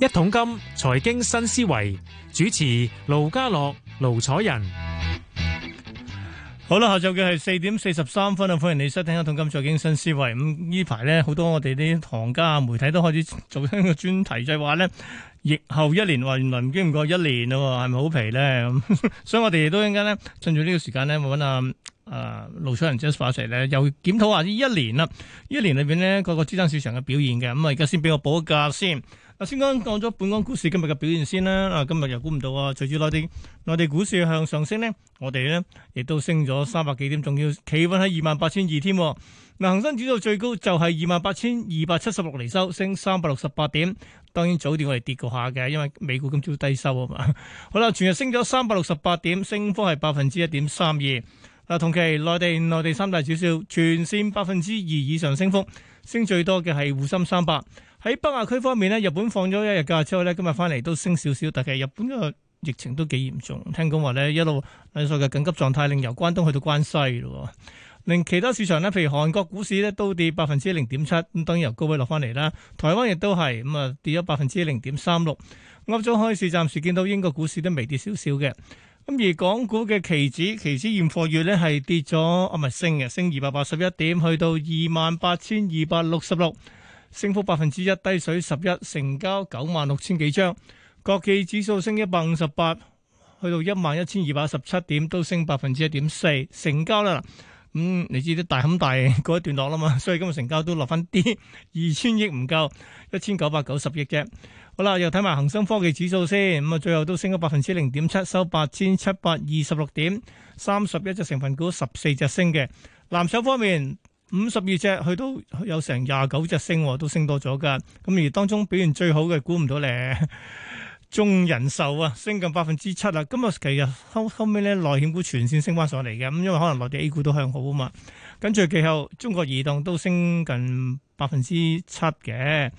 一桶金財經新思維，主持盧家樂、盧楚仁，好啦，下晝嘅係四點四十三分啊！歡迎你收聽一桶金財經新思維。咁呢排咧，好多我哋啲行家、媒體都開始做緊個專題計劃咧。就係，疫後一年話原來唔經唔過一年咯，係咪好疲咧？ 所以我哋亦都一陣間咧，趁住呢個時間咧，去搵啊誒盧楚仁爵士咧，啊、 又檢討下呢一年啦，一年裏邊咧，個個資產市場嘅表現嘅，咁啊而家先俾我補價先。阿孫剛講咗本港股市今日嘅表現先啦，嗱、啊、今日又估唔到啊，最主要內地內地股市向上升咧，我哋咧亦都升咗三百幾點，仲要企穩喺二萬八千二添。嗱、啊，恆生指數最高就係二萬八千二百七十六厘收，升三百六十八點。當然早段我哋跌過下嘅，因為美股今朝低收啊嘛、啊。好啦，全日升咗三百六十八點，升幅係百分之一點三二。嗱，同期內地內地三大指數，全線百分之二以上升幅，升最多嘅係滬深三百。喺北亞區方面咧，日本放咗一日假之後咧，今日翻嚟都升少少，但係日本個疫情都幾嚴重，聽講話呢一路引述嘅緊急狀態，令由關東去到關西咯。令其他市場咧，譬如韓國股市咧都跌百分之零點七，咁當然由高位落翻嚟啦。台灣亦都係咁啊，跌咗百分之零點三六。歐洲開市暫時見到英國股市都微跌少少嘅。咁而港股嘅期指，期指現貨月咧係跌咗，啊唔係升嘅，升二百八十一點，去到二萬八千二百六十六，升幅百分之一，低水十一，成交九萬六千幾張。國企指數升一百五十八，去到一萬一千二百一十七點，都升百分之一點四，成交啦。咁、嗯、你知啲大冚大嗰一段落啦嘛，所以今日成交都落翻啲，二千億唔夠，一千九百九十億啫。好啦，又睇埋恒生科技指數先，咁啊最後都升咗百分之零點七，收八千七百二十六點，三十一隻成分股十四隻升嘅。藍籌方面，五十二隻去到都有成廿九隻升，都升多咗噶。咁而當中表現最好嘅，估唔到咧。中人壽啊，升近百分之七喇。今日其實後後尾咧，內險股全線升翻上嚟嘅，咁因為可能內地 A 股都向好啊嘛。跟住其後中國移動都升近百分之七嘅，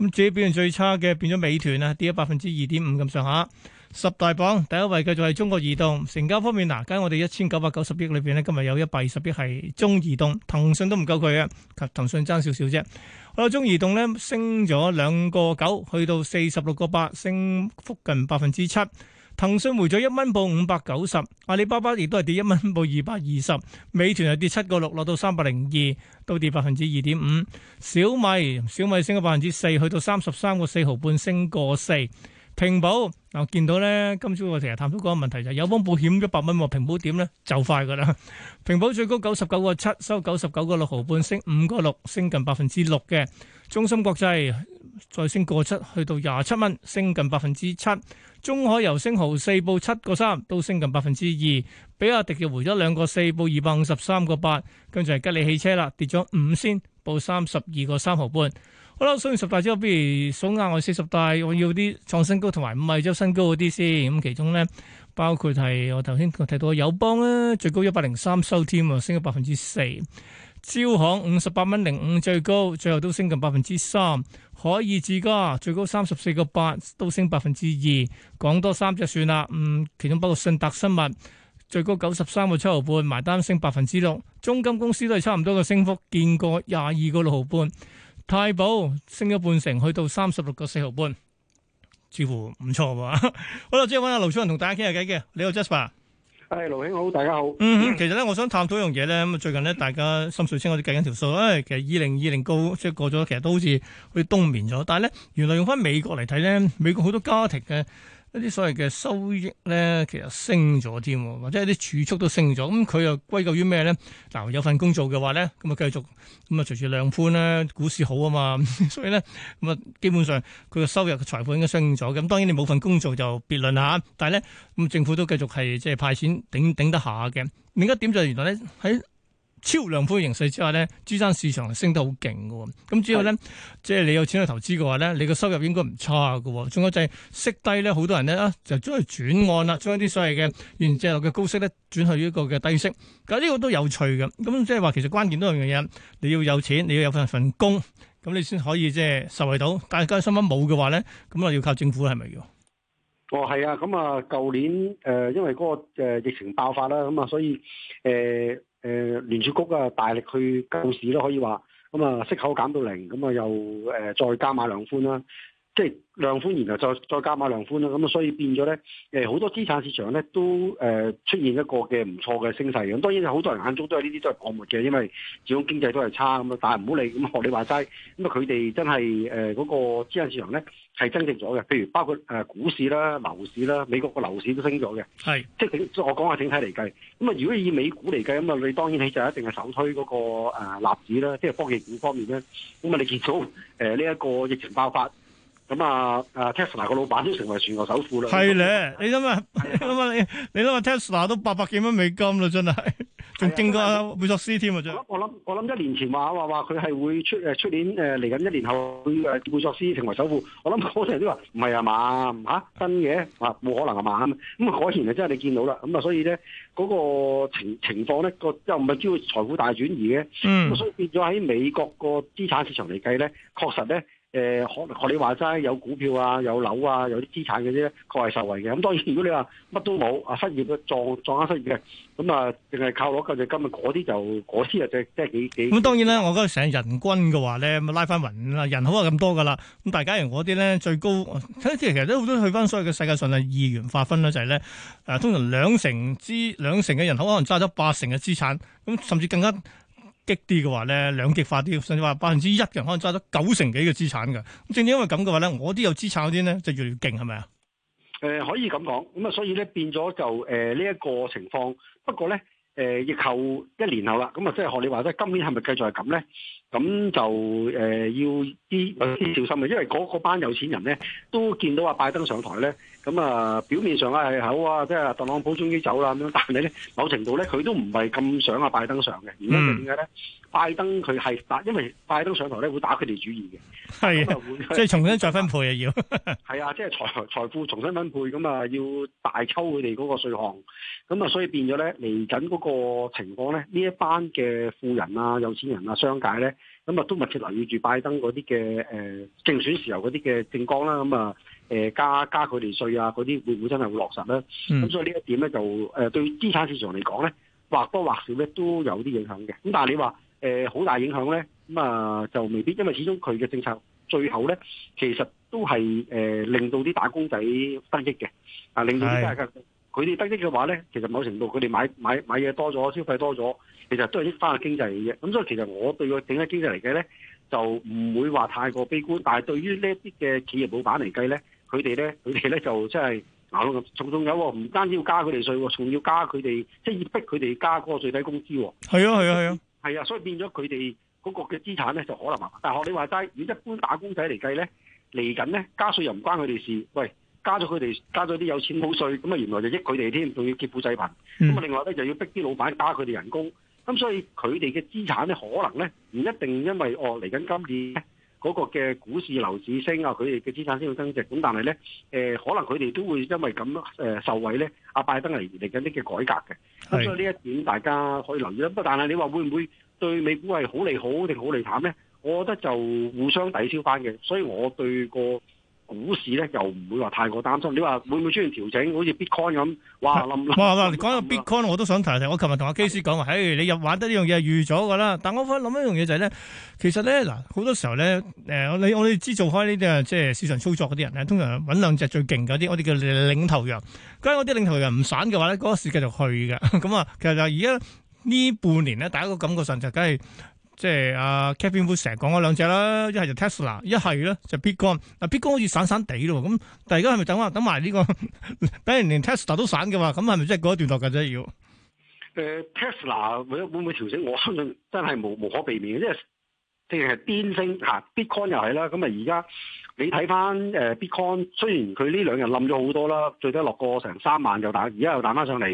咁至於表現最差嘅變咗美團啊，跌咗百分之二點五咁上下。十大榜第一位繼續係中國移動，成交方面嗱，跟我哋一千九百九十億裏邊咧，今日有一百二十億係中移動，騰訊都唔夠佢嘅，同騰訊爭少少啫。我哋中移動咧升咗兩個九，去到四十六個八，升幅近百分之七。騰訊回咗一蚊，報五百九十，阿里巴巴亦都係跌一蚊，報二百二十，美團係跌七個六，落到三百零二，都跌百分之二點五。小米小米升咗百分之四，去到三十三個四毫半，升過四。平保嗱，見到咧，今朝我成日探討嗰個問題就係有幫保險一百蚊喎，平保點咧就快㗎喇。平保最高九十九個七，收九十九個六毫半，升五個六，升近百分之六嘅。中芯國際再升個七，去到廿七蚊，升近百分之七。中海油升毫四報七個三，都升近百分之二。比亞迪又回咗兩個四報二百五十三個八。跟住係吉利汽車啦，跌咗五仙，報三十二個三毫半。好啦，數完十大之後，不如數下我四十大。我要啲創新高同埋五日週新高嗰啲先。咁其中咧，包括係我頭先提到友邦咧、啊，最高一百零三收添啊，升咗百分之四。招行五十八蚊零五最高，最後都升近百分之三，可以自家，最高三十四個八都升百分之二。講多三隻算啦。嗯，其中包括信達生物最高九十三個七毫半，埋單升百分之六。中金公司都係差唔多嘅升幅，見過廿二個六毫半。太保升咗半成，去到三十六個四毫半，似乎唔錯喎。 好啦，即係揾阿盧楚仁同大家傾下偈嘅。你好，Jasper。係，盧兄好，大家好。嗯哼，其實咧，我想探討一樣嘢咧。咁啊，最近咧，大家心水清我哋計緊條數。誒、哎，其實二零二零高即係過咗，其實都好似去冬眠咗。但係咧，原來用翻美國嚟睇咧，美國好多家庭嘅。呢啲所謂嘅收益咧，其實升咗添，或者啲儲蓄都升咗。咁佢又歸咎於咩咧？嗱，有份工做嘅話咧，咁啊繼續咁啊，隨住量寬啦。股市好啊嘛，所以咧咁啊，基本上佢嘅收入嘅財富應該升咗。咁當然你冇份工做就別論下，但係咧，咁政府都繼續係即係派錢頂頂得下嘅。另一點就係原來咧喺超量寬形勢之下咧，資產市場升得好勁嘅。咁之後咧，是即係你有錢去投資嘅話咧，你嘅收入應該唔差嘅。仲有就係息低咧，好多人咧就將去轉按啦，將一啲所謂嘅原借落嘅高息咧轉去呢個嘅低息。咁、這、呢個都有趣嘅。咁即係話，其實關鍵都係兩樣嘢，你要有錢，你要有份份工，咁你先可以即係受惠到。但係家下想乜冇嘅話咧，咁啊要靠政府係咪要？哦，係啊。咁啊，舊年誒，因為嗰個誒疫情爆發啦，咁啊，所以誒。呃誒、呃，聯儲局啊，大力去救市啦。可以話咁啊息口減到零，咁、嗯、啊又誒、呃、再加碼量寬啦。即係量寬言，然後再再加碼量寬啦，咁啊，所以變咗咧，好多資產市場咧都誒出現一個嘅唔錯嘅升勢。咁當然有好多人眼中都係呢啲都係泡沫嘅，因為始終經濟都係差咁啊。但係唔好理，咁學你話齋，咁啊佢哋真係誒嗰個資產市場咧係增值咗嘅。譬如包括誒股市啦、樓市啦、美國嘅樓市都升咗嘅。係是，即係我講係整體嚟計。咁啊，如果以美股嚟計，咁啊你當然你就一定係首推嗰個立納指啦，即係科技股方面咧。咁啊，你見到呢一個疫情爆發。咁啊，啊 Tesla 個老闆都成為全球首富啦，係咧，你諗下，你諗下，你你諗下 Tesla 都八百幾蚊美金啦，真係，仲勁過貝索斯添啊，真。我諗，我諗，一年前話話話佢係會出誒，出年誒嚟緊一年後，貝貝索斯成為首富，我諗好多人都話唔係啊嘛，吓真嘅，啊冇、啊、可能啊嘛，咁啊嗰年啊真係你見到啦，咁啊所以咧嗰、那個情情況咧個又咪叫財富大轉移嘅，咁、嗯、所以變咗喺美國個資產市場嚟計咧，確實咧。誒，可能學你話齋，有股票啊，有樓啊，有啲資產嘅啫，確係受惠嘅。咁當然，如果你話乜都冇啊，失業嘅撞撞下失業嘅，咁、嗯、啊，淨係靠攞救濟金嘅嗰啲就嗰啲啊，即係幾幾。咁、嗯、幾當然咧，我覺得成日人均嘅話咧，拉翻勻啊，人口啊咁多噶啦。咁大家假嗰啲咧最高，睇啲其實都好多去翻所謂嘅世界上嘅二元化分啦，就是，就係咧誒，通常兩成之兩成嘅人口可能揸咗八成嘅資產，咁甚至更加。激啲嘅話咧，兩極化啲，甚至話百分之一嘅人可能揸得九成幾嘅資產㗎。咁正因為咁嘅話咧，我啲有資產嗰啲咧就越嚟越勁，係咪啊？誒，可以咁講。咁啊，所以咧變咗就誒呢一個情況。不過咧，誒、呃、疫後一年後啦，咁啊，即係學你話齋，今年係咪繼續係咁咧？咁就誒、呃、要啲小心嘅，因為嗰班有錢人咧都見到阿拜登上台咧，咁啊表面上啊係好啊，即係特朗普終於走啦咁樣，但係咧某程度咧佢都唔係咁想阿拜登上嘅，原因點解咧？拜登佢係打，因為拜登上台咧會打佢哋主意嘅，係的，即係重新再分配啊要，係啊， 即、就、係、是、財財富重新分配，咁啊要大抽佢哋嗰個稅項，咁啊所以變咗咧嚟緊嗰個情況咧，呢一班嘅富人啊、有錢人啊、商界咧。咁啊，嗯、都密切留意住拜登嗰啲嘅誒競選時候嗰啲嘅政綱啦，咁、呃、啊加加佢哋稅啊嗰啲，會唔會真係會落實咧？咁、嗯、所以呢一點咧就誒、呃、對資產市場嚟講咧，或多或少咧都有啲影響嘅。咁但係你話誒好大影響咧，咁、呃、啊就未必，因為始終佢嘅政策最後咧，其實都係誒、呃、令到啲打工仔得益嘅，啊令到啲大家。佢哋得益嘅話咧，其實某程度佢哋買買買嘢多咗，消費多咗，其實都係益翻個經濟嘅嘢。咁所以其實我對個整體經濟嚟計咧，就唔會話太過悲觀。但係對於呢一啲嘅企業老闆嚟計咧，佢哋咧，佢哋咧就即係鬧咁重，仲有喎，唔單止要加佢哋稅喎，仲要加佢哋，即係要逼佢哋加嗰個最低工資喎。係啊，係啊，係啊，係啊，所以變咗佢哋嗰個嘅資產咧，就可能啊。但係學你話齋，如果一般打工仔嚟計咧，嚟緊咧加稅又唔關佢哋事，喂。加咗佢哋，加咗啲有錢冇稅，咁啊原來就益佢哋添，仲要劫富濟貧。咁啊、嗯、另外咧就要逼啲老闆加佢哋人工。咁所以佢哋嘅資產咧可能咧唔一定，因為哦嚟緊今年嗰個嘅股市樓市升啊，佢哋嘅資產先會增值。咁但係咧、呃、可能佢哋都會因為咁誒、呃、受惠咧，阿拜登嚟嚟緊啲嘅改革嘅。咁的所以呢一點大家可以留意啦。會不過但係你話會唔會對美股係好利好定好利淡咧？我覺得就互相抵消翻嘅。所以我對個。股市咧又唔會話太過擔心，你話會唔會出現調整？好似 Bitcoin 咁，哇！冧哇！講、啊、了到 Bitcoin 了我都想提提，我琴日同阿基師講話，嘿的，hey, 你又玩得呢樣嘢預咗噶啦。但我覺諗一樣嘢就係、是、咧，其實咧嗱，好多時候咧，誒、呃，我我哋知道做開呢啲啊，即係市場操作嗰啲人咧，通常揾兩隻最勁嗰啲，我哋叫領頭羊。咁我啲領頭羊唔散嘅話咧，嗰、那個市繼續去嘅。咁啊，其實就而家呢半年咧，大家個感覺上就梗係。即係阿 Kevin 會成日講嗰兩隻啦，一、啊、係就 Tesla，、是、一係咧就 Bitcoin b、啊、Bitcoin 好似散散地咯，咁但係而家係咪等啊？等埋呢個，等完、這個、 連 Tesla 都散嘅話，咁係咪即係過一段落嘅啫？要誒，Tesla 會會唔會調整我？我相信真係無無可避免嘅，因為。即係係邊升 b i t c o i n 又係啦，咁啊而家你睇翻 Bitcoin，雖然佢呢兩日冧咗好多啦，最低落過成三萬就打，而家又打翻上嚟，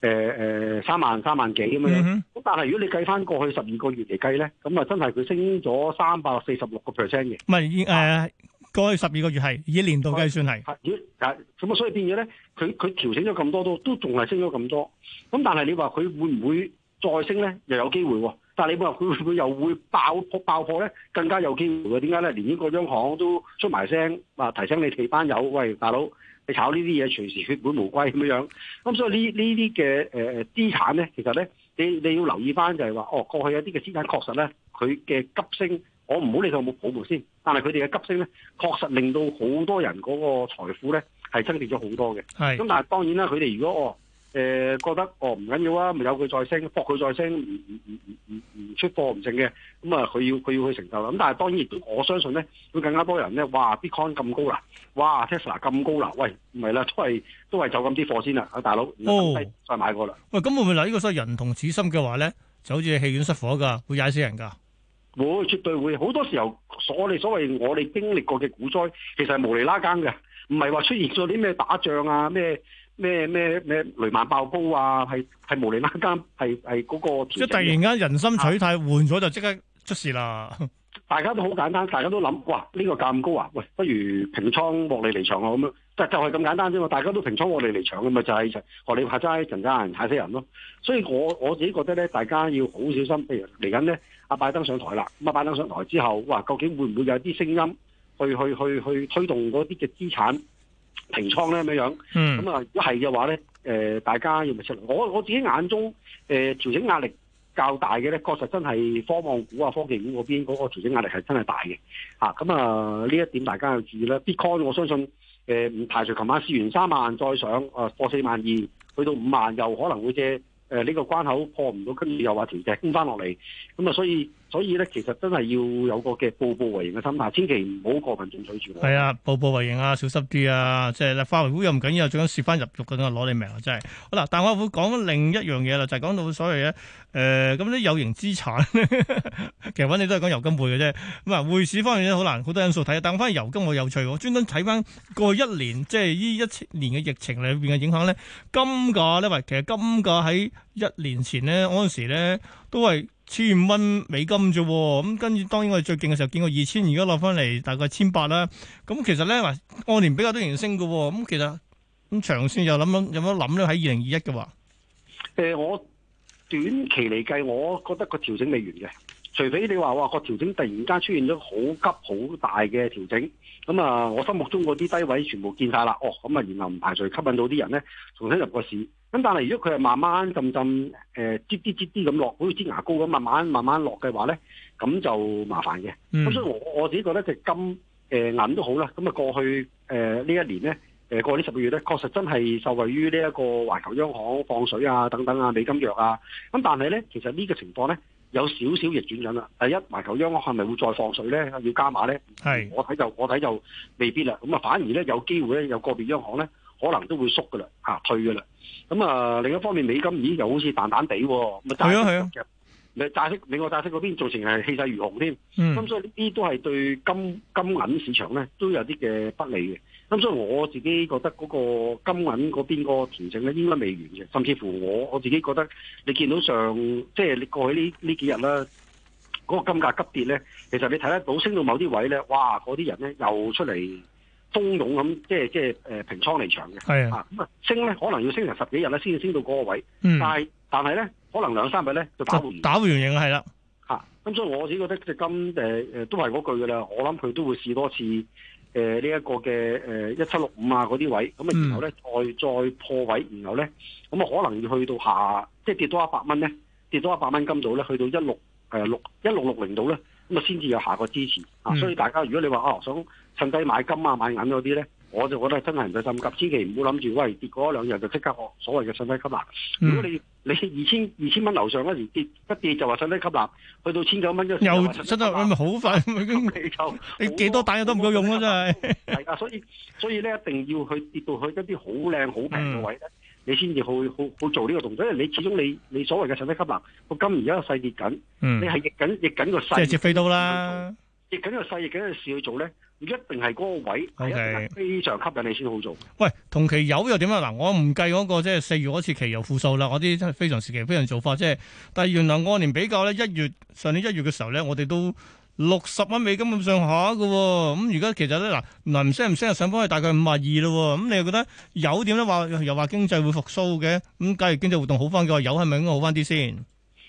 誒、呃、三萬三萬幾咁樣。咁、嗯、哼但係如果你計翻過去十二個月嚟計咧，咁啊真係佢升咗三百四十六個 percent 嘅。唔係、啊，誒過去十二個月係以年度計算係。咁啊，啊，所以變咗咧，佢佢調整咗咁多都都仲係升咗咁多。咁但係你話佢會唔會再升咧？又有機會喎、啊。但係你冇話佢會唔會又會爆破爆破咧？更加有機會嘅點解咧？連呢個央行都出埋聲，話提醒你哋班友，喂，大佬你炒呢啲嘢隨時血本無歸咁樣。咁所以呢呢啲嘅誒資產咧，其實咧，你你要留意翻就係話，哦，過去有啲嘅資產確實咧，佢嘅急升，我唔好理佢有冇泡沫先，但係佢哋嘅急升咧，確實令到好多人嗰個財富咧係增值咗好多嘅。咁是但係當然啦，佢哋如果哦。誒、呃、覺得哦唔緊要啊，咪有佢再升，搏佢再升，唔唔唔唔唔出貨唔剩嘅，咁啊佢要佢要去承受啦。咁但係當然亦都我相信咧，會更加多人咧，哇，Bitcoin 咁高啦，哇，Tesla 咁高啦，喂，唔係啦，都係都係走咁啲貨先啦，大佬，哦，再買過啦。喂，咁會唔會嗱？呢個所謂人同此心嘅話咧，就好似戲院失火㗎，會踩死人㗎。會，絕對會。好多時候，所謂所謂我哋經歷過嘅股災，其實係無厘拉更嘅，唔係話出現咗啲咩打仗啊咩。咩咩咩雷曼爆煲啊，係係無厘嗱間，係係嗰個即係突然間人心取態換咗就即刻出事啦！大家都好簡單，大家都諗，哇呢個價咁高啊，喂不如平倉獲利離場啊，咁樣，但就係咁簡單啫嘛，大家都平倉獲利離場咁咪就係就何你話齋一陣間吓死人咯！所以我我自己覺得咧，大家要好小心。譬如嚟緊咧，阿拜登上台啦，咁啊拜登上台之後，哇究竟會唔會有啲聲音去去去去推動嗰啲嘅資產？平倉咧咁樣嗯咁啊，如果係嘅話咧，大家要出切。我我自己眼中誒調整壓力較大嘅咧，確實真係科網股啊、科技股嗰邊嗰、嗰個調整壓力係真係大嘅嚇咁啊呢、啊、一點大家要注意啦。Bitcoin 我相信誒唔、呃、排除試，琴晚試完三萬再上，啊破四萬二，去到五萬又可能會借誒呢、呃這個關口破唔到跟住又話調整，傾翻落嚟咁啊，所以。所以咧，其實真係要有個嘅步步為營嘅心態，但係千祈唔好過分進取住。係啊，步步為營啊，小心啲啊！即係嗱，化為烏有唔緊要，最緊要蝕翻入肉嘅，攞你命啊！真係好啦，但係我會講另一樣嘢啦，就係、是、講到所謂、呃、有嘢誒，咁啲有形資產， 其實搵你都係講油金匯嘅啫。咁啊，匯市方面咧好難，好多因素睇。但係我反而油金我有趣，我專登睇翻過去一年，即係呢一年嘅疫情裏邊嘅影響咧，金價咧，喂，其實金價喺一年前咧，嗰陣時咧都係。千五蚊美金啫，咁跟住當然我哋最勁嘅時候見過二千，而家落翻嚟大概千八啦。咁其實咧，按年比較多連升嘅，咁其實咁長線又諗諗有冇諗咧？喺二零二一嘅話，誒、呃，我短期嚟計，我覺得個調整未完嘅。除非你話哇，個調整突然間出現咗好急好大嘅調整，咁啊中文我心目中嗰啲低位全部見晒啦，哦咁啊，然後唔排除吸引到啲人咧重新入個市。咁但係如果佢係慢慢浸浸誒跌啲跌啲咁落，好似支牙膏咁慢慢慢慢落嘅話咧，咁就麻煩嘅。咁所以我我自己覺得隻金誒銀都好啦。咁啊過去誒呢、uh, 一年咧，誒過去十呢十個月咧，確實真係受惠於呢一個環球央行放水啊等等啊美金弱啊。咁但係咧，其實呢個情況咧。有少少逆轉緊啦，第一，環球央行係咪會再放水咧？要加碼咧？係我睇就我睇就未必啦。咁啊，反而咧有機會咧，有個別央行咧，可能都會縮噶啦，吓、啊、退噶啦。咁、嗯、啊，另一方面，美金咦又好似彈彈地，咁啊，債、啊、息，美國債息嗰邊造成係氣勢如虹添。咁、嗯、所以呢啲都係對金金銀市場咧都有啲嘅不利嘅。咁、嗯、所以我自己覺得嗰個金銀嗰邊個調整咧應該未完嘅，甚至乎我我自己覺得你見到上即係你過去呢呢幾日啦，嗰、嗰個金價急跌咧，其實你睇得到升到某啲位咧，哇！嗰啲人咧又出嚟蜂擁咁，即係即係平倉離場嘅，的啊咁啊升咧可能要升成十幾日咧先至升到嗰個位、嗯但，但係但係咧可能兩三日咧就，就打完打回原形係啦，咁所以我自己覺得隻金、呃、都係嗰句噶啦，我諗佢都會試多次。誒呢一個嘅誒一七六五啊嗰啲位，咁啊然後咧再再破位，然後咧咁啊可能要去到下，即係跌多一百蚊咧，跌多一百蚊金度咧，去到一六誒六一六六零度咧，咁啊先至有下個支持啊。嗯、所以大家如果你話啊、哦、想趁低買金啊買銀嗰啲咧。我就覺得真係唔使心急，千祈唔好諗住，喂，跌過一兩日就即刻學所謂嘅乘低吸納。嗯、如果你你二千二千蚊樓上嗰時跌一跌就話乘低吸納，去到千九蚊又出咗，咪好低快咁你就你幾多彈藥都唔夠用咯、啊，真係係啊！所以所以咧一定要去跌到去一啲好靚好平嘅位咧，嗯、你先至去好好做呢個動作。因為你始終你你所謂嘅乘低吸納個金而家個勢跌緊，嗯、你係逆緊逆緊個勢，即係接飛刀啦。蝕緊要細，蝕緊件事去做咧，唔一定係嗰個位係 Okay. 非常吸引你先好做。喂，同期油又點啊？嗱，我唔計嗰個即係四月嗰次期油負數啦，我啲真係非常時期，非常做法。即係，但係原來按年比較咧，一月上年一月嘅時候咧，我哋都六十蚊美金咁上下嘅，喔。咁而家其實咧，嗱，嗱唔聲唔聲，上翻去大概五十二咯。咁，嗯、你又覺得油點咧？話又話經濟會復蘇嘅，咁假如經濟活動好翻嘅話，油係咪應該好翻啲先？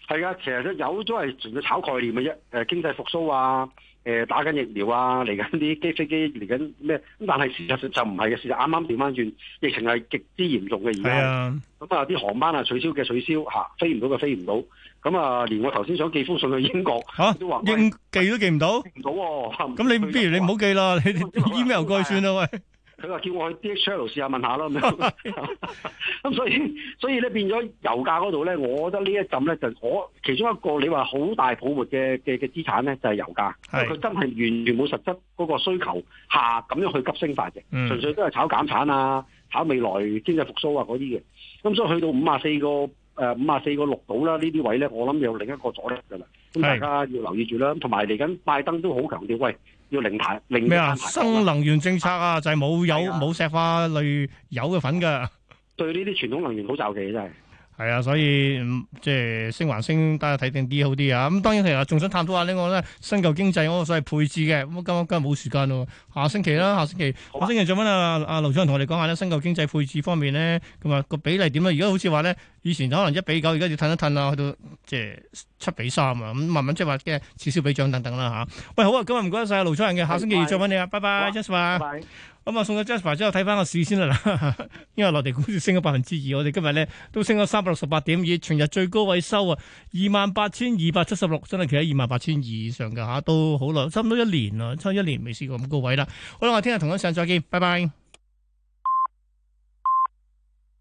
係啊，其實都油都係純粹炒概念嘅啫。誒，經濟復蘇啊！誒、呃、打緊疫苗啊，嚟緊啲機飛機嚟緊咩？咁但係事實上就唔係嘅，事實啱啱調翻轉，疫情係極之嚴重嘅而家。咁、uh, 啊，啲航班啊取消嘅取消嚇，飛唔到嘅飛唔到。咁啊，連我頭先想寄封信去英國，都話應寄都寄唔到，唔到、啊。咁你，是你不如你唔好寄啦，是你 email 過去算啦的喂。佢話叫我去 DHL 試下問下咯咁樣，咁、 嗯、所以所以咧變咗油價嗰度咧，我覺得一陣呢一陣咧就我其中一個你話好大泡沫嘅嘅嘅資產咧就係、是、油價，佢是真係完全冇實質嗰個需求下咁樣去急升大隻，純、嗯、粹都係炒減產啊、炒未來經濟復甦啊嗰啲嘅。咁、嗯、所以去到五啊四個誒五啊四個六度啦，呃、呢啲位咧我諗有另一個阻力㗎啦，咁、嗯、是大家要留意住啦。同埋嚟緊拜登都好強調，喂！要零,零排，零咩啊？新能源政策啊，啊就係冇有冇、啊、石化類油嘅份噶。的粉的對呢啲傳統能源好周期，真係。係啊，所以即係升還升，大家睇定啲好啲啊！咁當然其實仲想探討下個呢個咧新舊經濟嗰個所謂配置嘅。咁今日今日冇時間咯，下星期啦，下星期，吧下星期再問啊。阿盧楚仁同我哋講下咧新舊經濟配置方面咧，咁、那、啊個比例點啊？而家好似話咧，以前可能比 9, 移一,移移一移比九，而家要褪一褪啦，去到即係七比三啊！咁慢慢即係話嘅至少比漲等等啦吓。喂，好啊，今日唔該晒阿盧楚仁嘅，下星期再問你啊，乖拜拜，Joseph 啊，哇拜，拜。咁啊，送咗 Jasper 之後，睇翻個市先啦。嗱，因為內地股市升咗百分之二，我哋今日咧都升咗三百六十八點二，全日最高位收啊，二萬八千二百七十六，真係企喺二萬八千以上㗎。吓都好耐差唔多一年啦，差一年未試過咁高位啦。好啦，我聽日同一上再見，拜拜。